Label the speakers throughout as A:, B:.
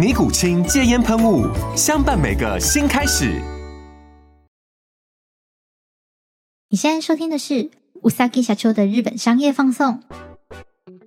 A: 尼古清戒菸噴霧，相伴每個新開始。你現在收聽的是烏薩克社長的日本商業放送。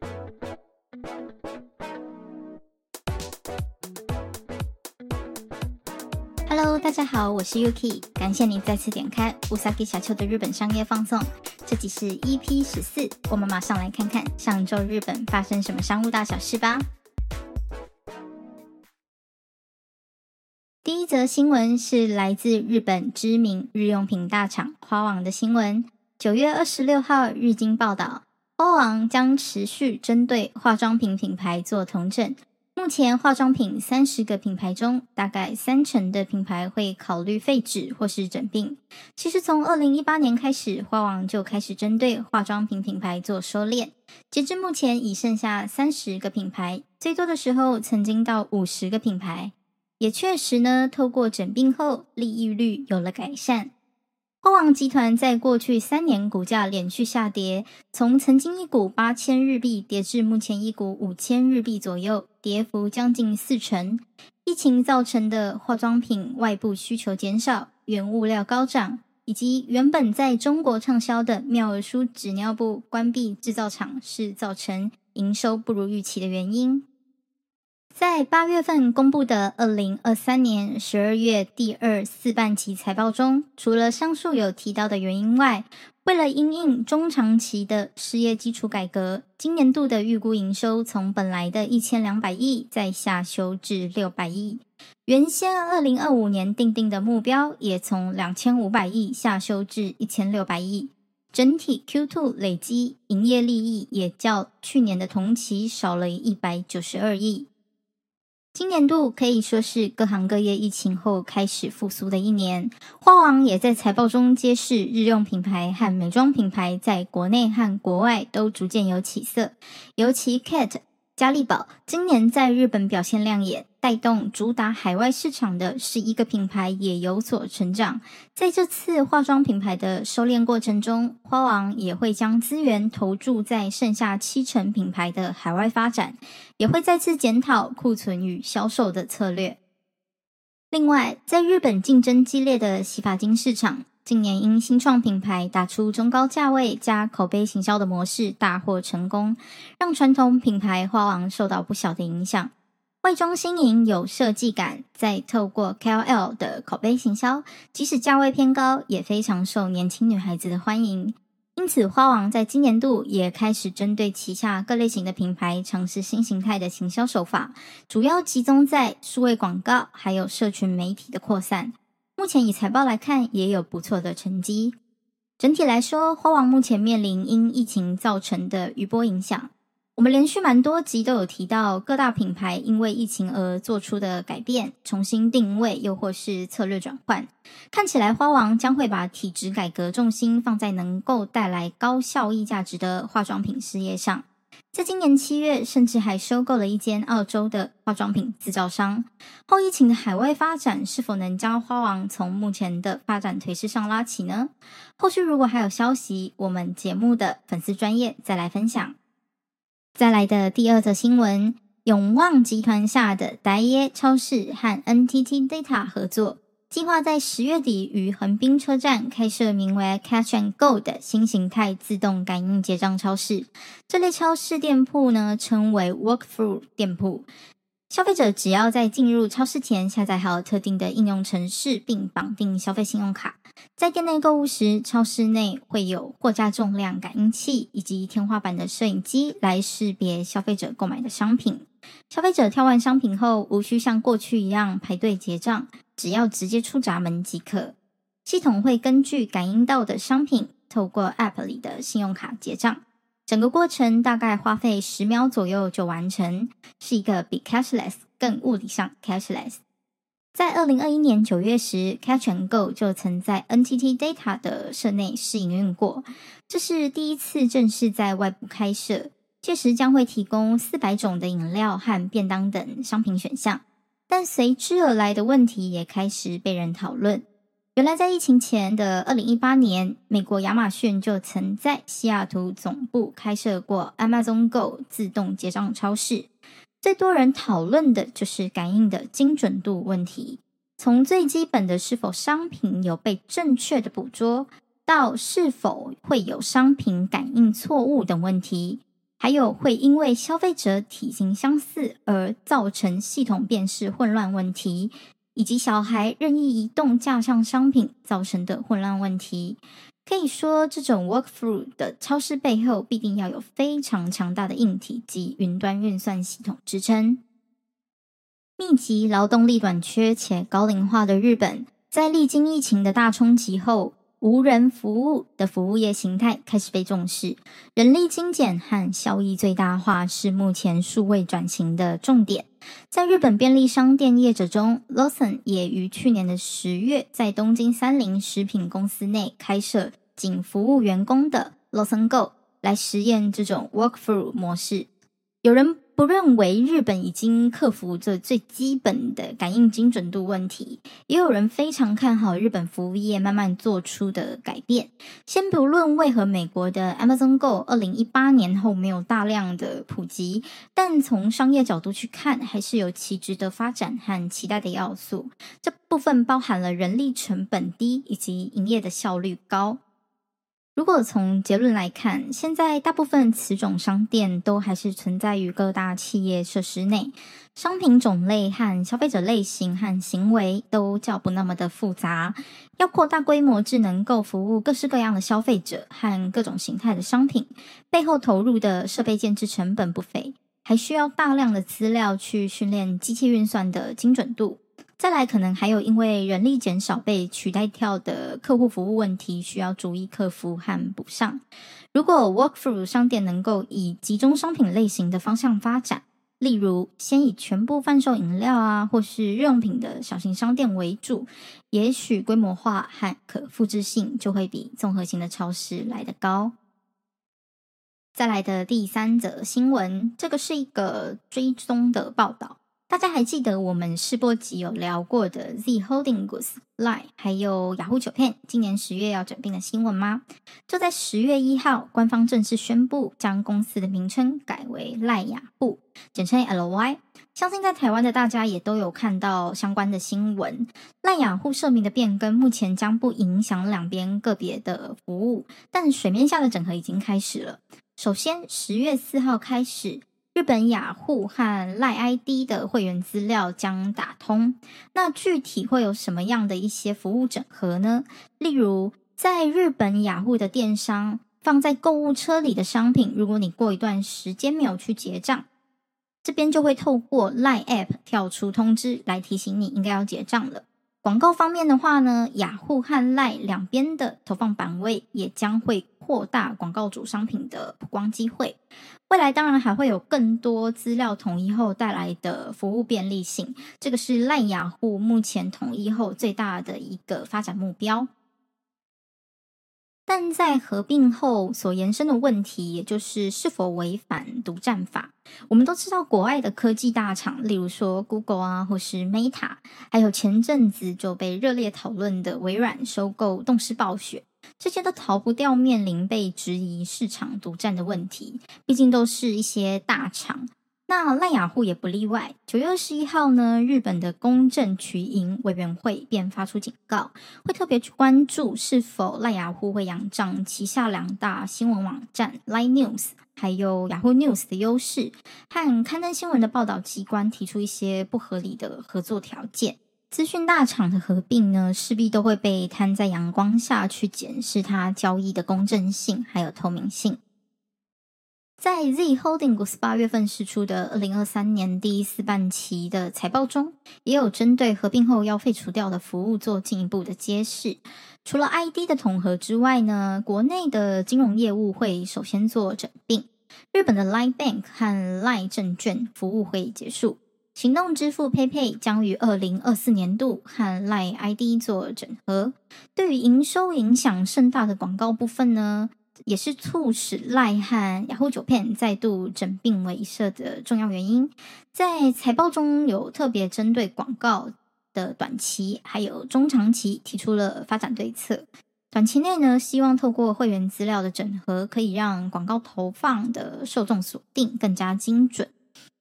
A: 哈嘍，大家好，我是 Yuki，感謝你再次點開烏薩克社長的日本商業放送。這集是 EP 十四，我們馬上來看看上一周日本發生什麼商務大小事吧。第一則新聞是來自日本知名日用品大廠花王的新聞。九月二十六號，日經報道，花王將持續針對化妝品品牌做重整。目前化妝品三十個品牌中，大概三成的品牌會考慮廢止或是整併，其實從二零一八年開始，花王就開始針對化妝品品牌做收斂，截至目前已剩下三十個品牌，最多的時候曾經到五十個品牌。也確實呢，透過整併後，利益率有了改善。花王集團在過去三年股價連續下跌，從曾經一股八千日幣跌至目前一股五千日幣左右，跌幅將近四成。疫情造成的化妝品外部需求減少、原物料高漲，以及原本在中國暢銷的妙兒舒紙尿布關閉製造廠，是造成營收不如預期的原因。在八月份公布的二零二三年十二月第二四半期財報中，除了上述有提到的原因外，為了因應中長期的事業基礎改革，今年度的預估營收從本來的一千兩百億再下修至六百億，原先二零二五年訂定的目標也從兩千五百億下修至一千六百億，整體 Q2 累積營業利益也較去年的同期少了一百九十二億。今年度可以說是各行各業疫情後開始復甦的一年，花王也在財報中揭示，日用品牌和美妝品牌在國內和國外都逐漸有起色，尤其 Kate 佳麗寶今年在日本表現亮眼。帶動主打海外市場的十一個品牌也有所成長。在這次化妝品牌的收斂過程中，花王也會將資源投注在剩下七成品牌的海外發展，也會再次檢討庫存與銷售的策略。另外，在日本競爭激烈的洗髮精市場，近年因新創品牌打出中高價位加口碑行銷的模式大獲成功，讓傳統品牌花王受到不小的影響。外裝新穎有設計感，再透過 KOL 的口碑行銷，即使價位偏高，也非常受年輕女孩子的歡迎。因此，花王在今年度也開始針對旗下各類型的品牌，嘗試新形態的行銷手法，主要集中在數位廣告還有社群媒體的擴散。目前以財報來看，也有不錯的成績。整體來說，花王目前面臨因疫情造成的餘波影響。我們連續蠻多集都有提到各大品牌因為疫情而做出的改變、重新定位，又或是策略轉換。看起來花王將會把體質改革重心放在能夠帶來高效益價值的化妝品事業上。在今年七月，甚至還收購了一間澳洲的化妝品製造商。後疫情的海外發展是否能將花王從目前的發展頹勢上拉起呢？後續如果還有消息，我們節目的粉絲專頁再來分享。再來的第二則新聞，永旺集團下的ダイエ超市和 NTT Data 合作，計劃在十月底於橫濱車站開設名為 Catch and Go 的新型態自動感應結賬超市。這類超市店鋪呢，稱為 Work Through 店鋪。消費者只要在進入超市前下載好特定的應用程式，並綁定消費信用卡，在店內購物時，超市內會有貨架重量感應器以及天花板的攝影機來識別消費者購買的商品。消費者挑完商品後，無需像過去一樣排隊結賬，只要直接出閘門即可。系統會根據感應到的商品，透過 App 裡的信用卡結賬。整個過程大概花費十秒左右就完成，是一個比 cashless 更物理上 cashless。在二零二一年九月時，Catch and Go 就曾在 NTT Data 的社內試營運過，這是第一次正式在外部開設。屆時將會提供四百種的飲料和便當等商品選項，但隨之而來的問題也開始被人討論。原來在疫情前的二零一八年，美國亞馬遜就曾在西雅圖總部開設過 Amazon Go 自動結賬超市。最多人討論的就是感應的精準度問題，從最基本的是否商品有被正確的捕捉，到是否會有商品感應錯誤等問題，還有會因為消費者體型相似而造成系統辨識混亂問題。以及小孩任意移動架上商品造成的混亂問題，可以說這種 walk through 的超市背後必定要有非常強大的硬體及雲端運算系統支撐。密集勞動力短缺且高齡化的日本，在歷經疫情的大衝擊後，無人服務的服務業形態開始被重視，人力精簡和效益最大化是目前數位轉型的重點。在日本便利商店業者中，Lawson 也於去年的十月，在東京三菱食品公司內開設僅服務員工的 Lawson Go 來實驗這種 walk through 模式。有人不認為日本已經克服這最基本的感應精準度問題，也有人非常看好日本服務業慢慢做出的改變。先不論為何美國的 Amazon Go 二零一八年後沒有大量的普及，但從商業角度去看，還是有其值得發展和期待的要素。這部分包含了人力成本低以及營業的效率高。如果從結論來看，現在大部分此種商店都還是存在於各大企業設施內，商品種類和消費者類型和行為都較不那麼的複雜。要擴大規模至能夠服務各式各樣的消費者和各種形態的商品，背後投入的設備建置成本不菲，還需要大量的資料去訓練機器運算的精準度。再來，可能還有因為人力減少被取代掉的客戶服務問題，需要逐一克服和補上。如果 walk through 商店能夠以集中商品類型的方向發展，例如先以全部販售飲料啊或是日用品的小型商店為主，也許規模化和可複制性就會比綜合型的超市來得高。再來的第三則新聞，這個是一個追蹤的報道。大家還記得我們試播集有聊過的 Z Holding Goods Line、還有雅虎酒片，今年十月要整併的新聞嗎？就在十月一號，官方正式宣布將公司的名稱改為賴雅護，簡稱 LY。相信在台灣的大家也都有看到相關的新聞。賴雅護社名的變更，目前將不影響兩邊個別的服務，但水面下的整合已經開始了。首先，十月四號開始，日本雅虎和 LINE ID 的會員資料將打通，那具體會有什麼樣的一些服務整合呢？例如，在日本雅虎的電商放在購物車裡的商品，如果你過一段時間沒有去結賬，這邊就會透過 LINE App 跳出通知來提醒你，應該要結賬了。廣告方面的話呢，雅虎和 LINE 兩邊的投放版位也將會擴大廣告主商品的曝光機會。未來當然還會有更多資料統一後帶來的服務便利性，這個是 LINE 雅虎目前統一後最大的一個發展目標。但在合併後所延伸的問題，也就是是否違反獨占法，我們都知道國外的科技大廠，例如說 Google 啊，或是 Meta，還有前陣子就被熱烈討論的微軟收購動視暴雪，這些都逃不掉面臨被質疑市場獨占的問題，畢竟都是一些大廠。那 LINE 雅虎也不例外。九月二十一號呢，日本的公正取引委員會便發出警告，會特別去關注是否 LINE 雅虎會仰仗旗下兩大新聞網站 LINE News 還有雅虎 News 的優勢，和刊登新聞的報道機關提出一些不合理的合作條件。資訊大廠的合併呢，勢必都會被攤在陽光下去檢視它交易的公正性還有透明性。在 Z Holding 公司八月份釋出的二零二三年第一四半期的財報中，也有針對合併後要廢除掉的服務做進一步的揭示。除了 ID 的統合之外呢，國內的金融業務會首先做整併。日本的 Line Bank 和 Line 證券服務會結束。行動支付 PayPay 將於二零二四年度和 Line ID 做整合。對於營收影響甚大的廣告部分呢，也是促使 LINE 和雅虎酒片再度整併為一社的重要原因。在財報中有特別針對廣告的短期還有中長期提出了發展對策。短期內呢，希望透過會員資料的整合，可以讓廣告投放的受眾鎖定更加精準。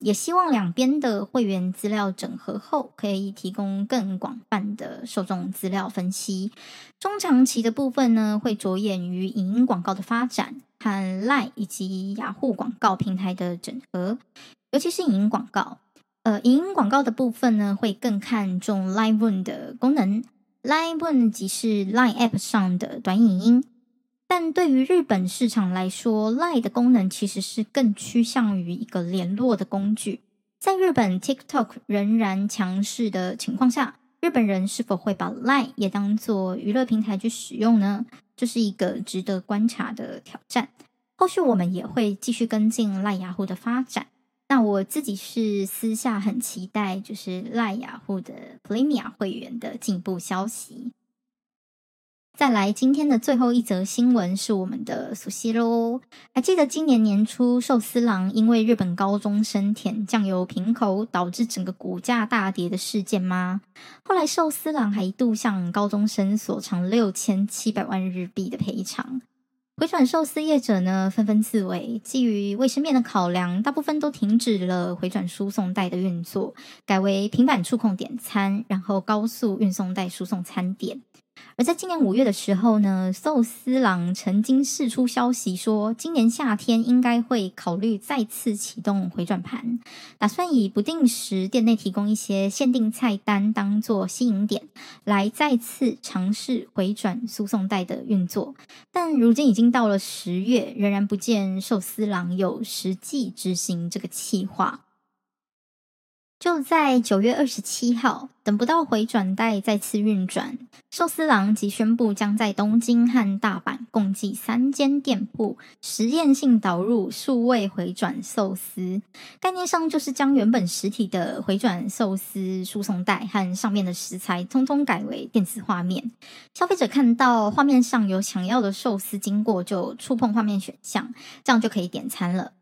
A: 也希望兩邊的會員資料整合後，可以提供更廣泛的受眾資料分析。中長期的部分呢，會着眼於影音廣告的發展和 Line 以及雅虎、ah、廣告平台的整合，尤其是影音廣告。呃，影音廣告的部分呢，會更看重 Line One 的功能。Line One 即是 Line App 上的短影音。但對於日本市場來說，LINE 的功能其實是更趨向於一個聯絡的工具。在日本 TikTok 仍然強勢的情況下，日本人是否會把 LINE 也當作娛樂平台去使用呢？這是一個值得觀察的挑戰。後續我們也會繼續跟進 LINE 雅虎的發展。那我自己是私下很期待，就是 LINE 雅虎的 Premium 會員的進步消息。再來今天的最後一則新聞是我們的 Sushiro。還記得今年年初壽司郎因為日本高中生舔醬油瓶口導致整個股價大跌的事件嗎？後來壽司郎還一度向高中生索償六千七百萬日幣的賠償。迴轉壽司業者呢，紛紛自危，基於衛生面的考量，大部分都停止了迴轉輸送帶的運作，改為平板觸控點餐，然後高速運送帶輸送餐點。而在今年五月的時候呢，壽司郎曾經釋出消息說，今年夏天應該會考慮再次啟動迴轉盤，打算以不定時店內提供一些限定菜單當做吸引點，來再次嘗試迴轉輸送帶的運作。但如今已經到了十月，仍然不見壽司郎有實際執行這個企劃。就在九月二十七號，等不到迴轉帶再次運轉，壽司郎即宣布將在東京和大阪共計三間店鋪實驗性導入數位迴轉壽司。概念上就是將原本實體的迴轉壽司輸送帶和上面的食材，通通改為電子畫面。消費者看到畫面上有想要的壽司經過，就觸碰畫面選項，這樣就可以點餐了。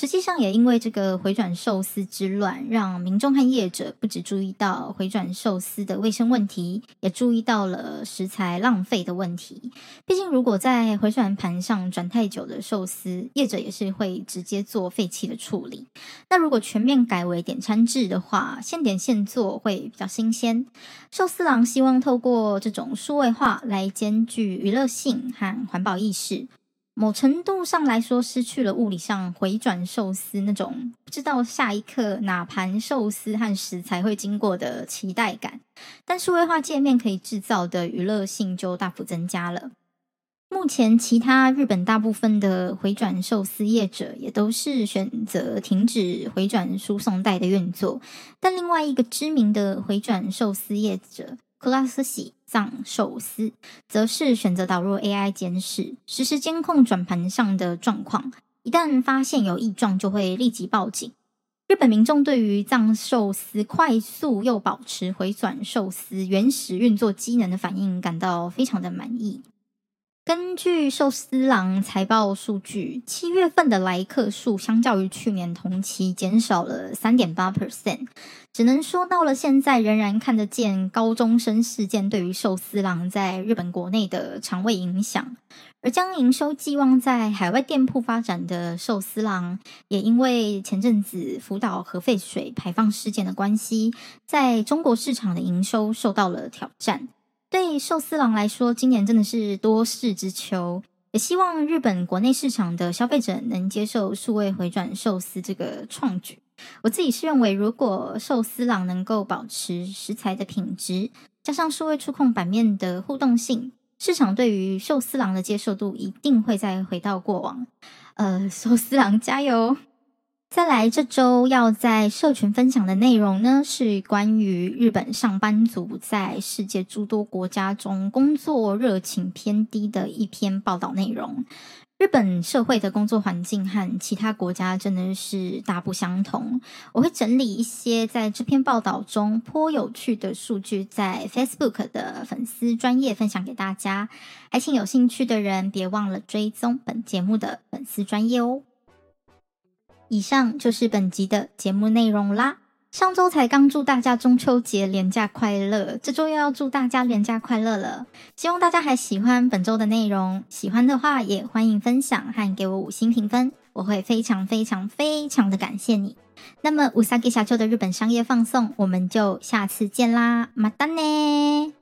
A: 實際上也因為這個迴轉壽司之亂，讓民眾和業者不只注意到迴轉壽司的衛生問題，也注意到了食材浪費的問題。畢竟，如果在迴轉盤上轉太久的壽司，業者也是會直接做廢棄的處理。那如果全面改為點餐制的話，現點現做會比較新鮮。壽司郎希望透過這種數位化來兼具娛樂性和環保意識。某程度上來說，失去了物理上迴轉壽司那種不知道下一刻哪盤壽司和食材會經過的期待感，但是，數位化界面可以制造的娛樂性就大幅增加了。目前，其他日本大部分的回轉壽司業者也都是選擇停止回轉輸送帶的運作，但另外一個知名的回轉壽司業者，克拉斯喜。藏壽司則是選擇導入 AI 監視，實時監控轉盤上的狀況，一旦發現有異狀，就會立即報警。日本民眾對於藏壽司快速又保持回轉壽司原始運作機能的反應感到非常的滿意。根據壽司郎財報數據，七月份的來客數相較於去年同期減少了三點八 percent，只能說到了現在仍然看得見高中生事件對於壽司郎在日本國內的腸胃影響。而將營收寄望在海外店鋪發展的壽司郎，也因為前陣子福島核廢水排放事件的關係，在中國市場的營收受到了挑戰。對壽司郎來說，今年真的是多事之秋。也希望日本國內市場的消費者能接受數位迴轉壽司這個創舉。我自己是認為，如果壽司郎能夠保持食材的品質，加上數位觸控版面的互動性，市場對於壽司郎的接受度一定會再回到過往。呃，壽司郎加油！再來，這週要在社群分享的內容呢，是關於日本上班族在世界諸多國家中工作熱情偏低的一篇報道內容。日本社會的工作環境和其他國家真的是大不相同。我會整理一些在這篇報道中頗有趣的數據，在 Facebook 的粉絲專頁分享給大家，還請有興趣的人別忘了追蹤本節目的粉絲專頁哦。以上就是本集的節目內容啦。上週才剛祝大家中秋節連假快樂，這週又要祝大家連假快樂了。希望大家還喜歡本週的內容，喜歡的話也歡迎分享和給我五星評分，我會非常非常非常的感謝你。那麼うさぎ社長的日本商業放送，我們就下次見啦，またね。